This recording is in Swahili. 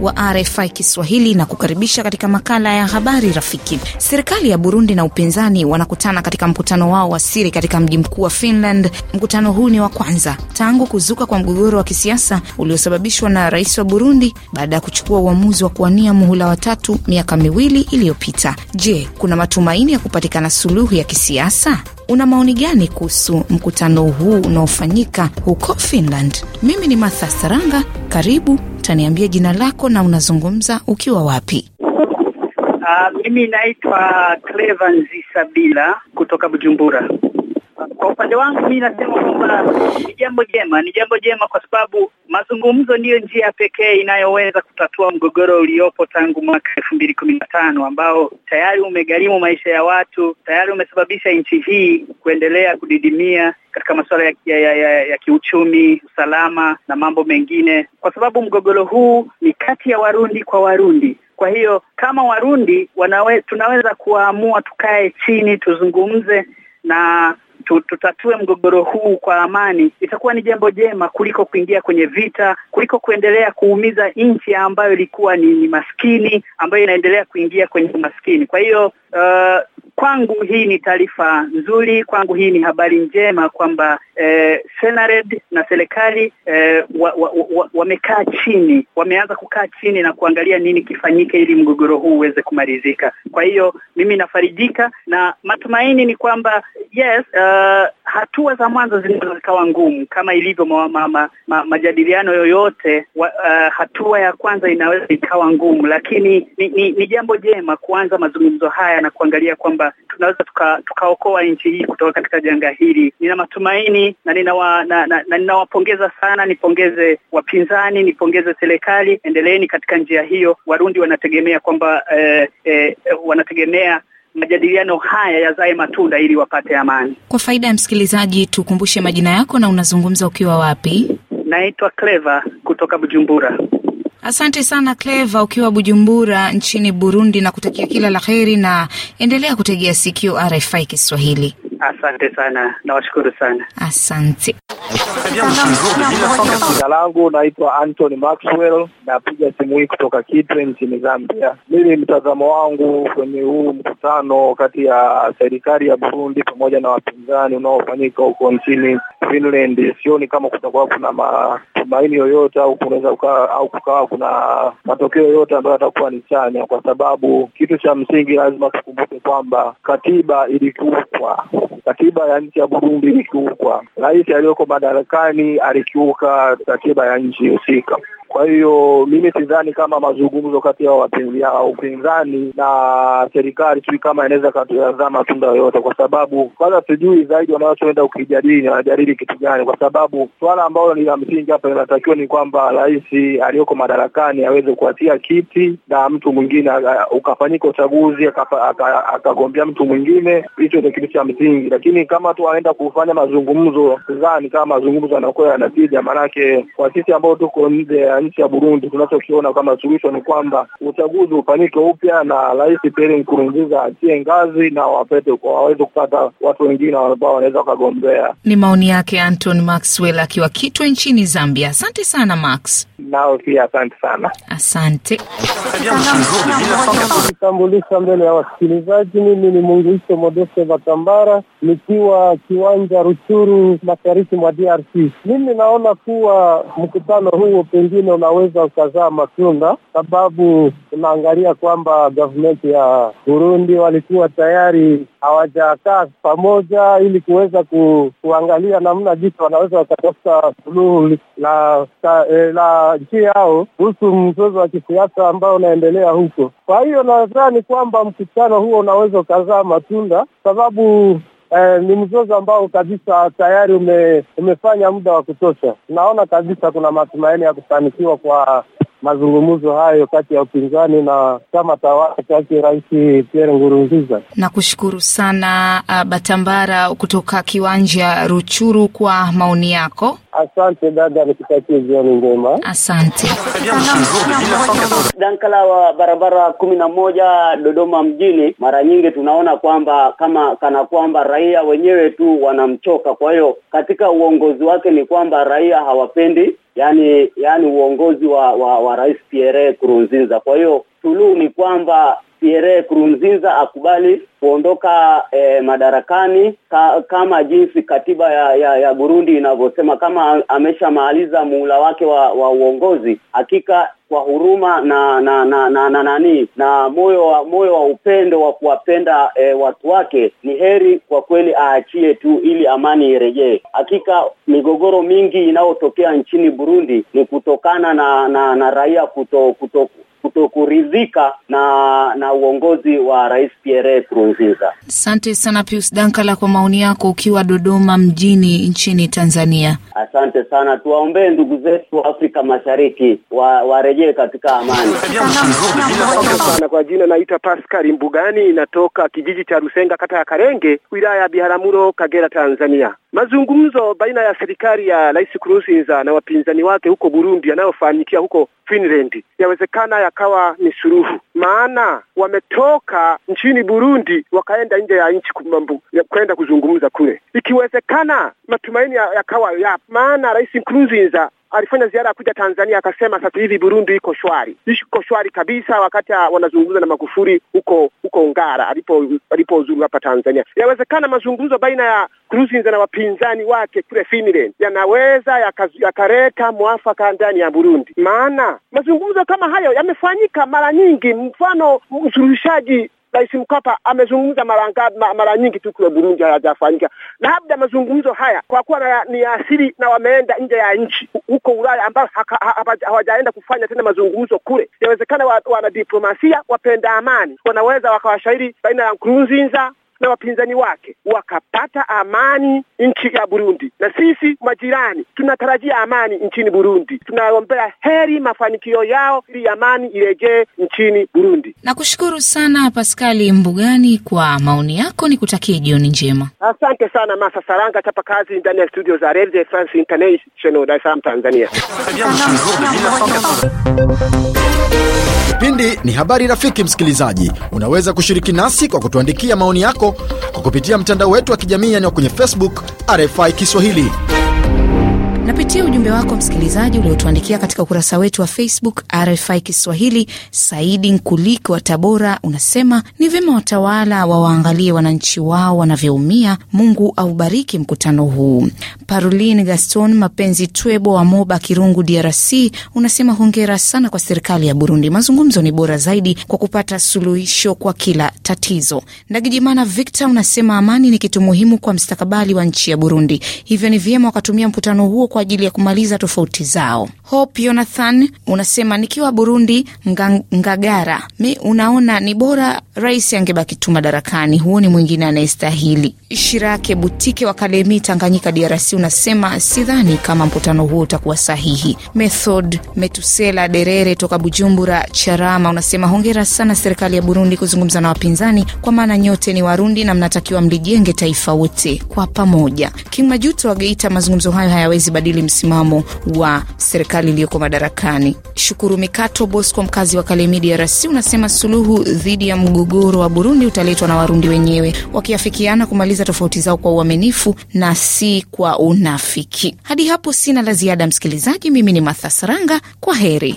wa RFI Kiswahili na kukaribisha katika makala ya habari rafiki. Serikali ya Burundi na upinzani wanakutana katika mkutano wao wa siri katika mji mkuu wa Finland. Mkutano huu ni wa kwanza tangu kuzuka kwa mgogoro wa kisiasa uliosababishwa na rais wa Burundi baada ya kuchukua uamuzi wa kuwania muhula wa tatu miaka miwili iliyopita. Je, kuna matumaini ya kupatikana suluhu ya kisiasa? Una maoni gani kuhusu mkutano huu unaofanyika huko Finland? Mimi ni Martha Saranga, karibu Utaniambia jina lako na unazungumza ukiwa wapi? Uh, mimi naitwa Clevanzi Sabila kutoka Bujumbura. Kwa upande wangu mi nasema kwamba ni jambo jema, ni jambo jema kwa sababu mazungumzo ndiyo njia pekee inayoweza kutatua mgogoro uliopo tangu mwaka elfu mbili kumi na tano ambao tayari umegharimu maisha ya watu, tayari umesababisha nchi hii kuendelea kudidimia katika masuala ya, ya, ya, ya, ya kiuchumi, usalama na mambo mengine, kwa sababu mgogoro huu ni kati ya Warundi kwa Warundi. Kwa hiyo kama Warundi wanawe, tunaweza kuwaamua tukae chini tuzungumze na tutatue mgogoro huu kwa amani, itakuwa ni jambo jema kuliko kuingia kwenye vita, kuliko kuendelea kuumiza nchi ambayo ilikuwa ni, ni maskini, ambayo inaendelea kuingia kwenye umaskini. Kwa hiyo uh, kwangu hii ni taarifa nzuri, kwangu hii ni habari njema kwamba eh, Senared na serikali eh, wamekaa wa, wa, wa chini, wameanza kukaa chini na kuangalia nini kifanyike ili mgogoro huu uweze kumalizika. Kwa hiyo mimi nafarijika na matumaini ni kwamba yes, uh, Eh, hatua za mwanzo zinaweza zikawa ngumu kama ilivyo ma, ma, ma, ma, majadiliano yoyote wa, uh, hatua ya kwanza inaweza ikawa ngumu, lakini ni, ni, ni jambo jema kuanza mazungumzo haya na kuangalia kwamba tunaweza tukaokoa tuka nchi hii kutoka katika janga hili. Nina matumaini na ninawa, na, na, na ninawapongeza sana, nipongeze wapinzani, nipongeze serikali, endeleeni katika njia hiyo. Warundi wanategemea kwamba eh, eh, wanategemea majadiliano haya yazae matunda ili wapate amani. Kwa faida ya msikilizaji, tukumbushe majina yako na unazungumza ukiwa wapi? Naitwa Cleva kutoka Bujumbura. Asante sana Cleva, ukiwa Bujumbura nchini Burundi, na kutakia kila la heri na endelea kutegea sikio RFI Kiswahili. Asante sana, nawashukuru sana, asante. Jina langu naitwa Anthony Maxwell, napiga simu hii kutoka Kitwe nchini Zambia. Mimi mtazamo wangu kwenye huu mkutano kati ya serikali ya Burundi pamoja na wapinzani unaofanyika huko nchini vile sioni kama kutakuwa kuna matumaini yoyote au kunaweza au kukawa kuna matokeo yoyote ambayo yatakuwa ni chanya, kwa sababu kitu cha msingi lazima tukumbuke kwamba katiba ilikiukwa, katiba ya nchi ya Burundi ilikiukwa. Rais aliyoko madarakani alikiuka katiba ya nchi husika. Kwa hiyo mimi sidhani kama mazungumzo kati ya upinzani na serikali sijui kama inaweza kazaa matunda yoyote, kwa sababu kwanza sijui zaidi wanachoenda ukijadili wanajadili kitu gani, kwa sababu swala ambalo ni la msingi hapa linatakiwa ni kwamba rais aliyoko madarakani aweze kuatia kiti na mtu mwingine ukafanyika uchaguzi akagombea mtu mwingine, hicho ndio kitu cha msingi. Lakini kama tu wanaenda kufanya mazungumzo, sidhani kama mazungumzo yanakuwa yanatija, maanake kwa sisi ambao tuko nje nchi ya Burundi, tunachokiona kama suluhisho ni kwamba uchaguzi ufanyike upya na Rais Pierre Nkurunziza achie ngazi na wapete kwa waweze kupata watu wengine ambao wanaweza wakagombea. Ni maoni yake Anton Maxwell akiwa Kitwe nchini Zambia. Asante sana Max. Nao pia asante sana, asante. Kitambulisha mbele ya wasikilizaji, mimi ni Munguisho Modeste Batambara nikiwa kiwanja Ruchuru, mashariki mwa DRC. Mimi naona kuwa mkutano huo pengine mwingine unaweza ukazaa matunda, sababu tunaangalia kwamba gavumenti ya Burundi walikuwa tayari hawajakaa pamoja ili kuweza ku, kuangalia namna jinsi wanaweza wakatafuta suluhu la, e, la nchi yao kuhusu mzozo wa kisiasa ambao unaendelea huko. Kwa hiyo nadhani kwamba mkutano huo unaweza ukazaa matunda sababu eh, ni mzozo ambao kabisa tayari ume, umefanya muda wa kutosha. Tunaona kabisa kuna matumaini ya kufanikiwa kwa mazungumzo hayo kati ya upinzani na chama tawala chake Rais Pierre Nkurunziza. Nakushukuru sana uh, Batambara kutoka kiwanja Ruchuru kwa maoni yako. Asante dada, nikutakie jioni njema. Asante dankala wa barabara kumi na moja Dodoma mjini. Mara nyingi tunaona kwamba kama kana kwamba raia wenyewe tu wanamchoka. Kwa hiyo katika uongozi wake ni kwamba raia hawapendi yani yani uongozi wa wa, wa Rais Pierre Kurunzinza. Kwa hiyo suluhu ni kwamba Pierre Kurunziza akubali kuondoka e, madarakani ka, kama jinsi katiba ya, ya, ya Burundi inavyosema kama ameshamaliza muhula wake wa, wa uongozi hakika kwa huruma na na na na, na, na, na moyo wa moyo wa upendo wa kuwapenda e, watu wake ni heri kwa kweli aachie tu ili amani irejee. Hakika migogoro mingi inayotokea nchini Burundi ni kutokana na na, na raia kuto, kuto kutokuridhika na na uongozi wa Rais Pierre Nkurunziza. Asante sana Pius Dankala kwa maoni yako ukiwa Dodoma mjini nchini Tanzania. Asante sana, tuwaombee ndugu zetu wa Afrika Mashariki wa, warejee katika amani. kwa jina naita Pascal Mbugani, inatoka kijiji cha Rusenga, kata ya Karenge, wilaya ya Biharamulo, Kagera, Tanzania. Mazungumzo baina ya serikali ya Rais Nkurunziza na wapinzani wake huko Burundi yanayofanikia huko Finland yawezekana yakawa ni suluhu, maana wametoka nchini Burundi wakaenda nje ya nchi kwenda kuzungumza kule, ikiwezekana matumaini yakawa yapo, maana Rais Nkurunziza alifanya ziara ya kuja Tanzania akasema sasa hivi Burundi iko shwari, iko shwari kabisa, wakati wanazungumza na Magufuli huko huko Ngara alipo alipozuru hapa Tanzania. Inawezekana mazungumzo baina ya Nkurunziza na wapinzani wake kule Finland yanaweza yakaleta yaka mwafaka ndani ya Burundi, maana mazungumzo kama hayo yamefanyika mara nyingi. Mfano msuluhishaji Rais Mkapa amezungumza mara ngapi? Mara nyingi tu kule Burundi hayajafanyika. Labda mazungumzo haya kwa kuwa ni asili na wameenda nje ya nchi huko Ulaya ambao hawajaenda kufanya tena mazungumzo kule, inawezekana wanadiplomasia diplomasia wapenda amani wanaweza wakawashairi baina ya Nkurunziza na wapinzani wake wakapata amani nchi ya Burundi, na sisi majirani tunatarajia amani nchini Burundi. Tunaombea heri mafanikio yao ili amani irejee nchini Burundi. Nakushukuru sana Paskali Mbugani kwa maoni yako, ni kutakie jioni njema. Asante sana Masa Saranga, chapa kazi ndani ya studio za Radio France International, Dar es Salaam, Tanzania. Kipindi ni habari rafiki msikilizaji, unaweza kushiriki nasi kwa kutuandikia maoni yako kwa kupitia mtandao wetu wa kijamii yani kwenye Facebook RFI Kiswahili. Napitia ujumbe wako msikilizaji uliotuandikia katika ukurasa wetu wa Facebook RFI Kiswahili. Saidi Nkuliki wa Tabora unasema ni vyema watawala wawaangalie wananchi wao wanavyoumia. Mungu aubariki mkutano huu. Parolin Gaston Mapenzi Twebo wa Moba Kirungu, DRC unasema hongera sana kwa serikali ya Burundi, mazungumzo ni bora zaidi kwa kupata suluhisho kwa kila tatizo. Ndagijimana Victor unasema amani ni kitu muhimu kwa mstakabali wa nchi ya Burundi, hivyo ni vyema wakatumia mkutano huo kwa kwa ajili ya kumaliza tofauti zao. Hope Jonathan unasema nikiwa Burundi Ngagara, mi unaona ni bora rais angebaki tu madarakani, huo ni mwingine anayestahili. Shirake Butike wa Kalemi, Tanganyika, DRC unasema sidhani kama mkutano huo utakuwa sahihi. Method Metusela Derere toka Bujumbura Charama unasema hongera sana serikali ya Burundi kuzungumza na wapinzani, kwa maana nyote ni Warundi na mnatakiwa mlijenge taifa wote kwa pamoja. King Majuto wa Geita, mazungumzo hayo hayawezi badilika kubadili msimamo wa serikali iliyoko madarakani. Shukuru Mikato Bosco, mkazi wa Kalemi DRC, unasema suluhu dhidi ya mgogoro wa Burundi utaletwa na Warundi wenyewe wakiafikiana kumaliza tofauti zao kwa uaminifu na si kwa unafiki. Hadi hapo sina la ziada, msikilizaji. Mimi ni Mathasaranga, kwa heri.